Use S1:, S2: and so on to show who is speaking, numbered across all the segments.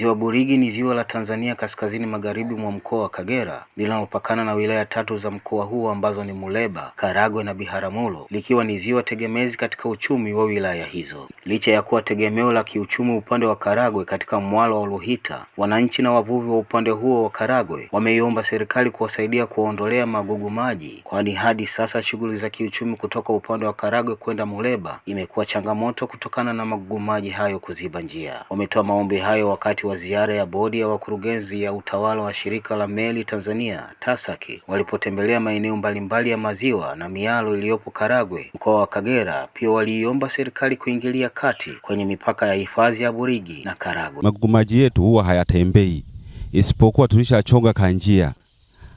S1: Ziwa Burigi ni ziwa la Tanzania kaskazini magharibi mwa mkoa wa Kagera linalopakana na wilaya tatu za mkoa huo ambazo ni Muleba, Karagwe na Biharamulo, likiwa ni ziwa tegemezi katika uchumi wa wilaya hizo. Licha ya kuwa tegemeo la kiuchumi upande wa Karagwe katika mwalo wa Luhita, wananchi na wavuvi wa upande huo wa Karagwe wameiomba serikali kuwasaidia kuwaondolea magugu maji, kwani hadi sasa shughuli za kiuchumi kutoka upande wa Karagwe kwenda Muleba imekuwa changamoto kutokana na magugu maji hayo kuziba njia. Wametoa maombi hayo wakati wa ziara ya bodi ya wakurugenzi ya utawala wa shirika la meli Tanzania tasaki walipotembelea maeneo mbalimbali ya maziwa na mialo iliyopo Karagwe, mkoa wa Kagera. Pia waliiomba serikali kuingilia kati kwenye mipaka ya hifadhi ya Burigi na Karagwe.
S2: Magugumaji yetu huwa hayatembei isipokuwa tulishachonga kanjia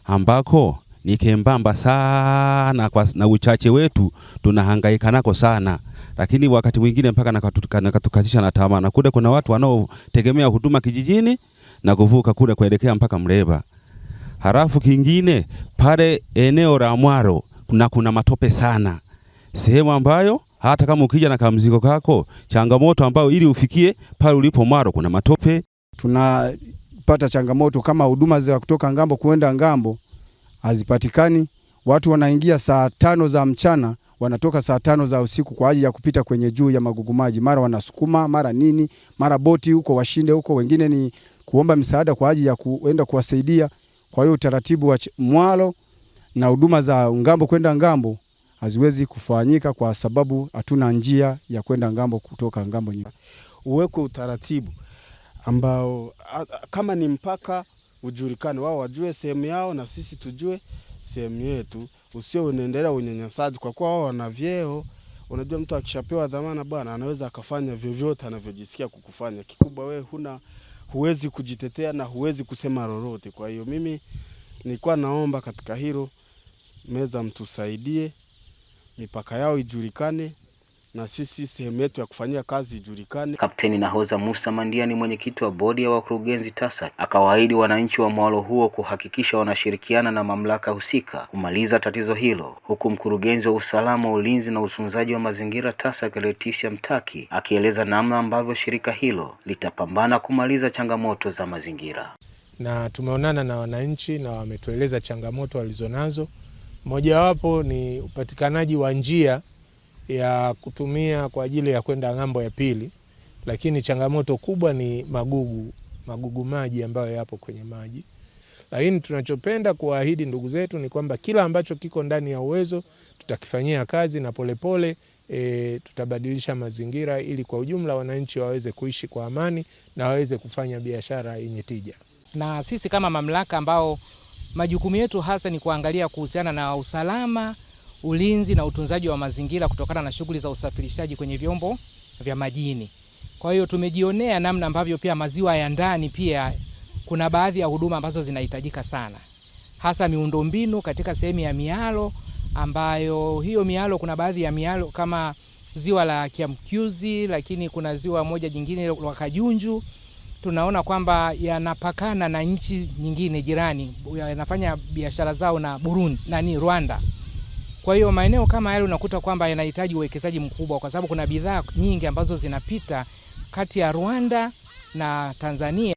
S2: ambako ni kembamba sana kwa, na uchache wetu tunahangaika nako sana lakini wakati mwingine mpaka nakatukatisha na tamaa. Na kule kuna watu wanaotegemea huduma kijijini na kuvuka kule kuelekea mpaka Mreba. Halafu kingine pale eneo la Mwaro kuna, kuna matope sana, sehemu ambayo hata kama ukija na kamzigo kako changamoto ambayo ili ufikie pale ulipo Mwaro kuna matope.
S3: Tunapata changamoto kama huduma za kutoka ngambo kuenda ngambo hazipatikani. Watu wanaingia saa tano za mchana wanatoka saa tano za usiku kwa ajili ya kupita kwenye juu ya magugu maji, mara wanasukuma, mara nini, mara boti huko washinde huko, wengine ni kuomba msaada kwa ajili ya kuenda kuwasaidia. Kwa hiyo utaratibu wa mwalo na huduma za ngambo kwenda ngambo haziwezi kufanyika kwa sababu hatuna njia ya kwenda ngambo kutoka ngambo nyingine.
S4: Uwekwe utaratibu ambao kama ni mpaka ujulikane, wao wajue sehemu yao na sisi tujue sehemu yetu, usio unaendelea unyanyasaji, kwa kuwa wao wana vyeo. Unajua, mtu akishapewa dhamana bwana, anaweza akafanya vyovyote anavyojisikia kukufanya. Kikubwa wewe huna, huwezi kujitetea na huwezi kusema lolote. Kwa hiyo mimi nilikuwa naomba katika hilo meza, mtusaidie, mipaka yao ijulikane na sisi sehemu yetu ya kufanyia kazi ijulikane.
S1: Kapteni Nahoza Musa Mandia ni mwenyekiti wa bodi ya wakurugenzi TASAC, akawaahidi wananchi wa mwalo huo kuhakikisha wanashirikiana na mamlaka husika kumaliza tatizo hilo, huku mkurugenzi wa usalama, ulinzi na utunzaji wa mazingira TASAC Leticia Mtaki akieleza namna ambavyo shirika hilo litapambana kumaliza changamoto za mazingira.
S5: Na tumeonana na wananchi na wametueleza changamoto walizonazo, mojawapo ni upatikanaji wa njia ya kutumia kwa ajili ya kwenda ng'ambo ya pili, lakini changamoto kubwa ni magugu, magugu maji ambayo yapo kwenye maji. Lakini tunachopenda kuwaahidi ndugu zetu ni kwamba kila ambacho kiko ndani ya uwezo tutakifanyia kazi na polepole pole, e, tutabadilisha mazingira ili kwa ujumla wananchi waweze kuishi kwa amani na waweze kufanya biashara yenye tija.
S6: Na sisi kama mamlaka ambao majukumu yetu hasa ni kuangalia kuhusiana na usalama ulinzi na utunzaji wa mazingira kutokana na shughuli za usafirishaji kwenye vyombo vya majini. Kwa hiyo tumejionea namna ambavyo pia maziwa ya ndani pia kuna baadhi ya huduma ambazo zinahitajika sana, hasa miundombinu katika sehemu ya mialo, ambayo hiyo mialo kuna baadhi ya mialo kama ziwa la Kiamkyuzi, lakini kuna ziwa moja jingine la Kajunju tunaona kwamba yanapakana na nchi nyingine jirani, yanafanya biashara zao na Burundi nani Rwanda. Kwa hiyo maeneo kama yale unakuta kwamba yanahitaji uwekezaji mkubwa, kwa sababu kuna bidhaa nyingi ambazo zinapita kati ya Rwanda na Tanzania.